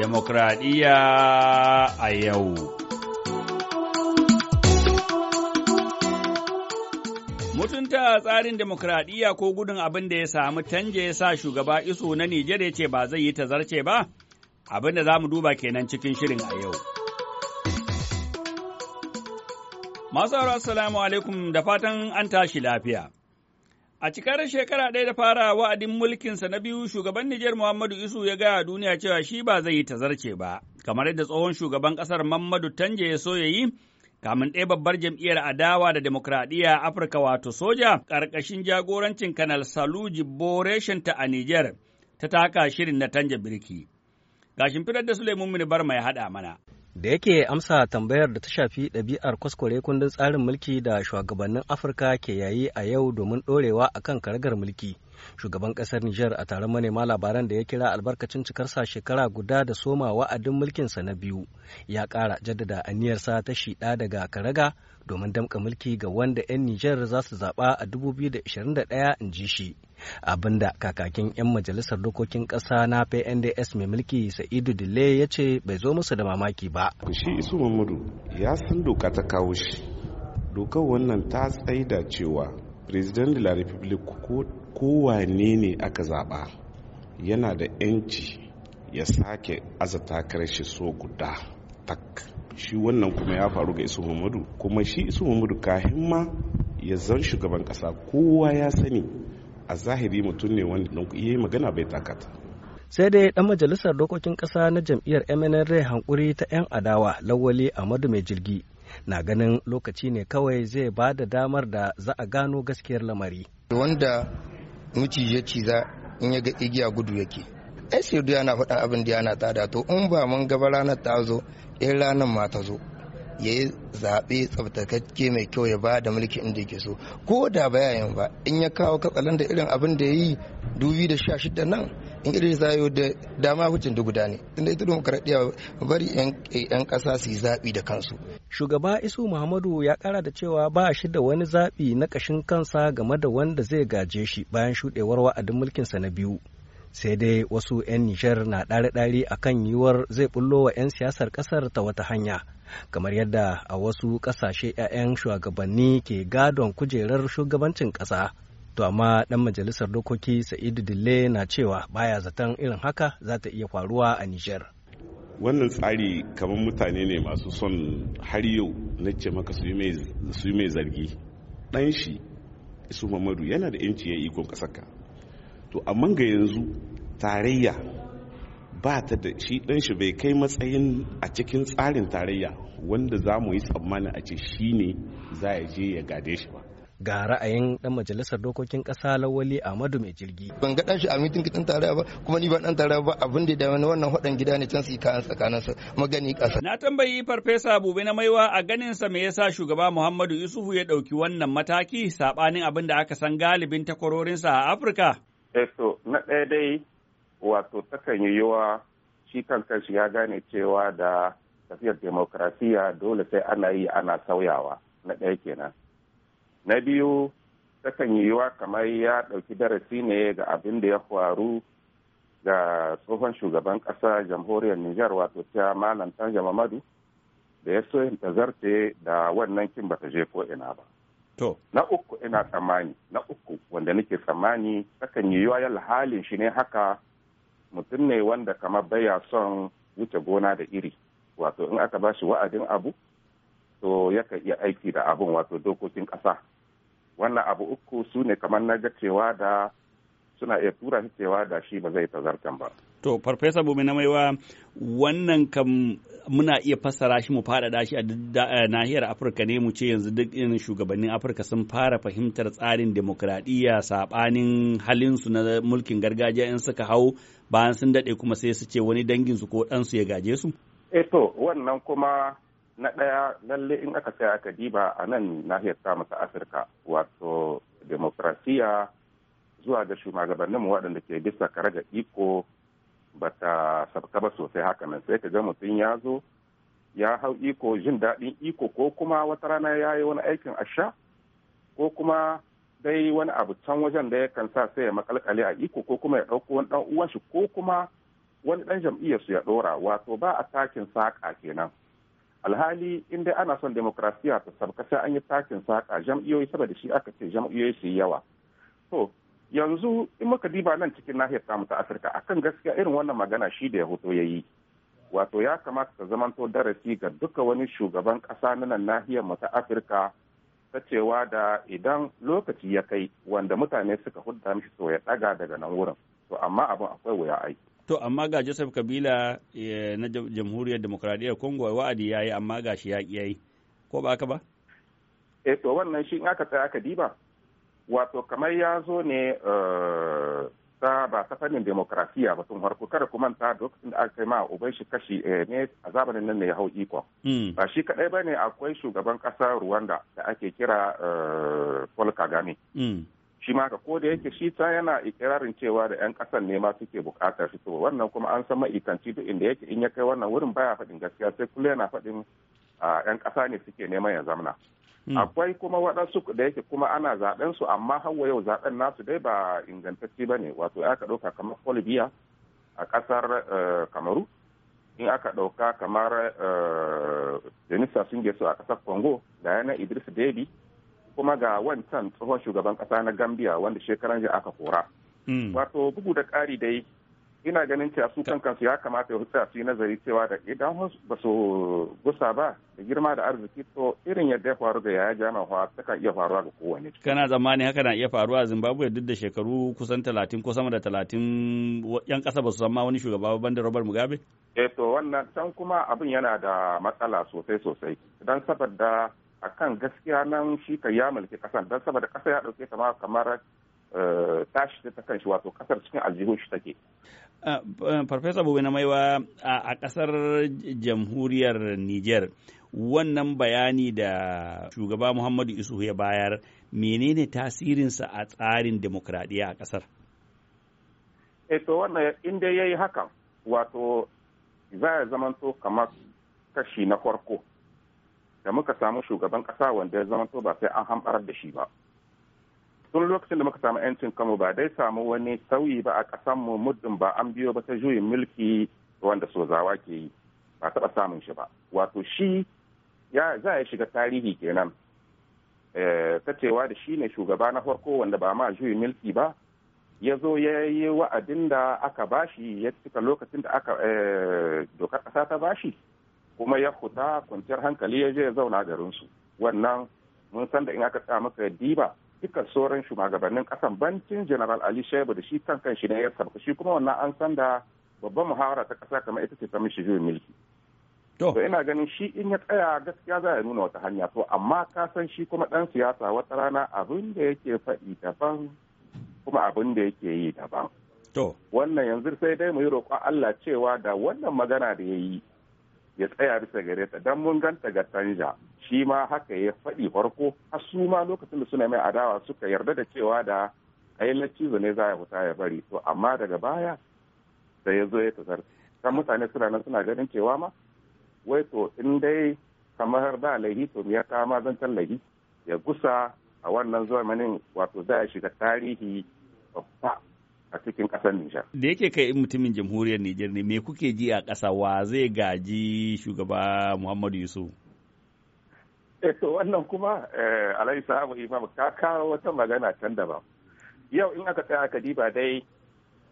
Demokradiyya a yau. Mutunta tsarin demokradiyya ko gudun abin da ya samu canje ya sa shugaba iso na Nijar ce ba zai yi tazarce ba, abin da za mu duba kenan cikin shirin a yau. Masu assalamu alaikum da fatan an tashi lafiya. A cikar shekara ɗaya da fara wa'adin mulkinsa na biyu shugaban Nijar Muhammadu Isu ya gaya duniya cewa shi ba zai yi tazarce ba, kamar yadda tsohon shugaban ƙasar Muhammadu Tanje ya so ya yi, kamun ɗaya babbar jam'iyyar adawa da demokradiyya Afirka wato soja ƙarƙashin jagorancin kanal Saluji ta a Nijar ta taka shirin na Tanje Birki. Gashin fitar da Suleiman Mini mai ya haɗa mana. da yake amsa tambayar da ta shafi ɗabi'ar kwaskware kundin tsarin mulki da shugabannin afirka ke yayi a yau domin ɗorewa a kan karagar mulki shugaban ƙasar niger a taron manema labaran da ya kira albarkacin cikarsa shekara guda da soma wa'adin mulkinsa na biyu ya ƙara jaddada aniyarsa ta shiɗa daga karaga domin damka mulki ga wanda 'yan Nijar za su zaɓa a 2021 in ji shi. Abinda kakakin 'yan majalisar dokokin ƙasa na PNDS mai mulki Sa'idu Dile ya ce bai zo musu da mamaki ba. Shi Isu ya san doka ta kawo shi. Dokar wannan ta tsaida cewa President de la Republic kowane ne aka zaɓa yana da 'yanci ya sake azata karshe shi so guda tak. shi wannan kuma ya faru ga isu muhammadu kuma shi isu muhammadu kahin ma ya zan shugaban kasa kowa ya sani a zahiri mutum ne wanda yi magana bai takata sai dai dan majalisar dokokin kasa na jam'iyyar mnra hankuri ta 'yan adawa lawali amadu mai jirgi na ganin lokaci ne kawai zai ba da damar da za a gano gaskiyar lamari wanda muci ya ciza in ya ga igiya gudu yake ai sai yana faɗa abin da yana tsada to in ba mun gaba ranar ta zo in ranar ma ta zo ya yi zaɓe tsabtakakke mai kyau ya ba da mulki inda yake so ko da bayayin ba in ya kawo katsalan da irin abin da ya yi dubi da sha shida nan in irin zayo da dama hujjin da guda ne inda ita demokaradiyya bari yan ƙasa su yi zaɓi da kansu. shugaba isu muhammadu ya ƙara da cewa ba shi da wani zaɓi na ƙashin kansa game da wanda zai gaje shi bayan shuɗewar wa'adin mulkinsa na biyu sai dai wasu 'yan Nijar na ɗari-ɗari a kan yiwuwar zai bullo wa 'yan siyasar ƙasar ta wata hanya kamar yadda a wasu ƙasashe 'ya'yan shugabanni ke gadon kujerar shugabancin ƙasa to amma ɗan majalisar dokoki sa'idu dille na cewa baya zaton irin haka za ta iya faruwa a nijar wannan tsari kamar mutane ne masu son har yau na ce maka su yi mai zargi ɗan shi isu mamadu yana da 'yanci ya ikon ƙasarka to amma ga yanzu tarayya ba ta da shi ɗan shi bai kai matsayin a cikin tsarin tarayya wanda za mu yi tsammanin a ce shi ne za ya je ya gade shi ba ga ra'ayin dan majalisar dokokin kasa lawali Ahmadu mai jirgi ban ga dan shi a mitin kitan tarayya ba kuma ni ban dan tarayya ba abin da dame wannan hadan gida ne can su ka tsakanin su magani kasa na tambayi farfesa Bube na Maiwa a ganin sa me yasa shugaba Muhammadu Yusufu ya dauki wannan mataki sabanin abin da aka san galibin takwarorinsa a Afirka eto eh, na ɗaya dai wato takan yi yiwuwa shi kan kanshi ya gane cewa da tafiyar demokrasiya dole sai ana yi ana sauyawa na ɗaya kenan na biyu takan yi yiwuwa kamar ya ɗauki darasi ne ga abin da ya faru ga tsohon shugaban ƙasa jamhuriyar Nijar wato ta malam Tanja Mamadu da ya so yin da wannan kin bata je ko ina ba. To. Na uku ina tsammani, na uku wanda nake tsammani, takan yi yalla halin shi ne haka mutum ne wanda kamar baya son wuce gona da iri. Wato in aka bashi wa'adin abu, to yaka iya aiki da abun wato dokokin ƙasa. Wannan abu uku su ne kamar na cewa da suna iya tura cewa da shi ba zai tazartan ba. To, Farfesa Bobe na Maiwa, wannan kam muna iya fassara shi mu faɗaɗa shi a eh, nahiyar Afirka ne mu ce yanzu duk irin shugabannin Afirka sun fara fahimtar tsarin demokradiyya saɓanin halinsu na mulkin gargajiya in suka hau bayan sun daɗe kuma sai su ce wani su ko ɗansu ya gaje su? E to, wannan kuma na ɗaya lalle in aka tsaya aka diba a nan nahiyar samu ta Afirka wato demokrasiya zuwa ga shugabanninmu waɗanda ke bisa karaga iko ba ta sabka ba sosai haka nan sai ka ga mutum ya zo ya hau iko jin daɗin iko ko kuma wata rana ya yi wani aikin asha ko kuma dai wani abu can wajen da yakan sa sai ya makalkale a iko ko kuma ya ɗauko wani ɗan uwanshi ko kuma wani ɗan jam'iyyar su ya ɗora wato ba a takin saƙa kenan alhali in dai ana son demokrasiya ta sabka sai an yi takin saƙa jam'iyyoyi saboda shi aka ce jam'iyyoyi su yi yawa to yanzu in muka diba nan cikin nahiyar tamu ta afirka akan gaskiya irin wannan magana shi da ya hoto ya yi wato ya kamata ta zamanto darasi ga duka wani shugaban kasa na nan nahiyar mu ta afirka ta cewa da idan lokaci ya kai wanda mutane suka hudda mishi to ya daga daga nan wurin to amma abin akwai wuya aiki To amma ga Joseph Kabila eh, na Jamhuriyar Demokradiyyar Congo wa'adi ya yi amma ga shi ya yi ko ba haka ba? Eh to wannan shi in aka tsaya aka diba wato kamar ya zo ne eh, ta ba ta fannin demokrasiya ba sun harko kada kuma ta lokacin da aka kai ma uban shi kashi eh, ne a zamanin nan ne ya hau iko hmm. ba shi kadai ba ne akwai shugaban kasa ruwanda da ake kira eh, Paul Kagame hmm. shi ma ko da yake shi ta yana ikirarin cewa da yan kasan ne ma suke bukatar fito wannan kuma an san maikanci duk inda yake in ya kai wannan wurin baya faɗin gaskiya sai kullum yana faɗin yan ah, kasa ne suke neman ya zamana Hmm. akwai kuma waɗansu da yake kuma ana zaɓen su amma hawa yau zaɓen nasu dai ba ingantacce ba ne wato ya aka ɗauka kamar Colombia a ƙasar Kamaru eh, in aka ɗauka kamar Denisa eh, Sungeso a ƙasar Congo da yana Idris Deby kuma ga wancan tsohon shugaban ƙasa na Gambia wanda shekaran aka kora. Hmm. Wato bugu da ƙari dai ina ganin cewa su kan kansu ya kamata ya tsaya su yi nazari cewa da idan ba su gusa ba da girma da arziki to irin yadda ya faru ga yaya hawa ta kan iya faruwa ga kowane kana zamani haka na iya faruwa a zimbabwe duk da shekaru kusan talatin ko sama da talatin yan kasa ba su san ma wani shugaba ban da robert mugabe eh to wannan can kuma abin yana da matsala sosai sosai don saboda akan gaskiya nan shi ka ya mulki kasan don saboda kasa ya dauke kamar kamar E, tashi ta kan shi wato kasar cikin aljihun shi take. Farfesa Bobe na Maiwa a kasar jamhuriyar Nijar wannan bayani da shugaba Muhammadu Isu ya bayar menene tasirinsa a tsarin demokradiyya a kasar? Eto eh, wannan inda ya yi hakan wato za ya zamanto kamar kashi na farko da muka samu shugaban kasa wanda ya zamanto ba sai an hamɓarar da shi ba. tun lokacin da muka samu 'yancin kanmu ba dai samu wani sauyi ba a ƙasanmu muddin ba an biyo ba ta juyin mulki wanda sozawa ke yi ba taɓa samun shi ba wato shi ya za ya shiga tarihi kenan eh, ta cewa da shi ne shugaba na farko wanda ba ma juyin mulki ba ya zo ya yi wa'adin da aka bashi ya cika lokacin da aka eh, dokar ƙasa ta bashi kuma ya huta kwanciyar hankali ya je ya zauna garinsu wannan mun san da in aka tsaya maka diba dukkan sauran shugabannin kasan bancin general ali shehu da shi kan kan shi ne ya sarfa shi kuma wannan an san da babban muhawara ta kasa kamar ita ce ta mishi juyin milki. to ina ganin shi in ya tsaya gaskiya za ya nuna wata hanya to amma ka san shi kuma dan siyasa wata rana abin da yake faɗi daban kuma abin da yake yi daban to wannan yanzu sai dai mu yi roƙon Allah cewa da wannan magana da ya yi ya tsaya bisa gare ta dan mun ganta ga tanja shi ma haka ya faɗi farko har su ma lokacin da suna mai adawa suka yarda da cewa da ayyana cizo ne za a fita ya bari to amma daga baya da ya zo ya tazar kan mutane suna nan suna ganin cewa ma wai to in dai kamar da lahi to ya kama can lahi ya gusa a wannan zamanin wato za a shiga tarihi babba a cikin kasar Nijar. Da yake kai mutumin jamhuriyar Nijar ne, me kuke ji a ƙasa wa zai gaji shugaba Muhammadu Yusuf? Eh to wannan kuma eh, Alayhi Sahabu Imam ka kawo wata magana can ba. Yau in aka tsaya aka diba dai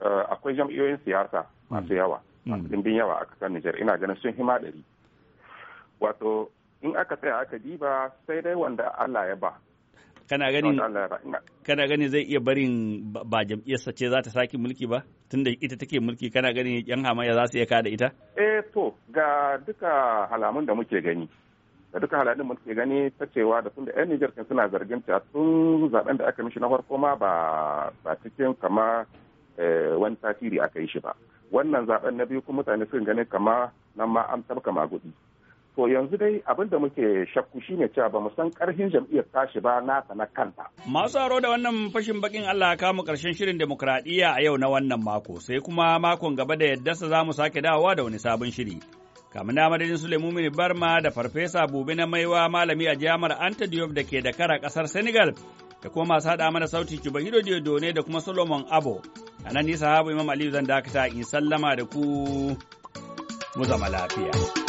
eh, akwai jam'iyyoyin siyasa masu yawa, mm. masu dimbin yawa a ƙasar Nijar ina ganin sun hima ɗari. Wato in aka tsaya aka diba sai dai wanda Allah ya ba kana ganin kana ganin zai iya barin ba jam'iyyarsa ce za ta saki mulki ba tunda ita take mulki kana ganin yan hamayya za su iya kada ita eh to ga duka halamun da muke gani da duka halamun muke gani ta cewa da tunda yan Niger kan suna zargin ta tun zaben da aka mishi na farko ma ba ba cikin kama eh, wani tasiri aka yi shi ba wannan zaben na biyu kuma mutane sun gani kama nan ma an tabka magudi to yanzu dai abin da muke shakku shine cewa ba mu san karfin jam'iyyar tashi ba nata na kanta. Masu aro da wannan fashin bakin Allah ka mu karshen shirin demokradiyya a yau na wannan mako sai kuma makon gaba da yadda za mu sake dawowa da wani sabon shiri. Kamin na madadin Suleimu Barma da Farfesa Bube na Maiwa malami a jami'ar Anta Diop da ke da kara kasar Senegal da kuma masu haɗa mana sauti Cuba Hido Diodone da kuma Solomon Abo. A nan nisa habu Imam Aliyu zan dakata in sallama da ku mu zama lafiya.